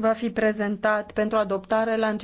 va fi prezentat pentru adoptare la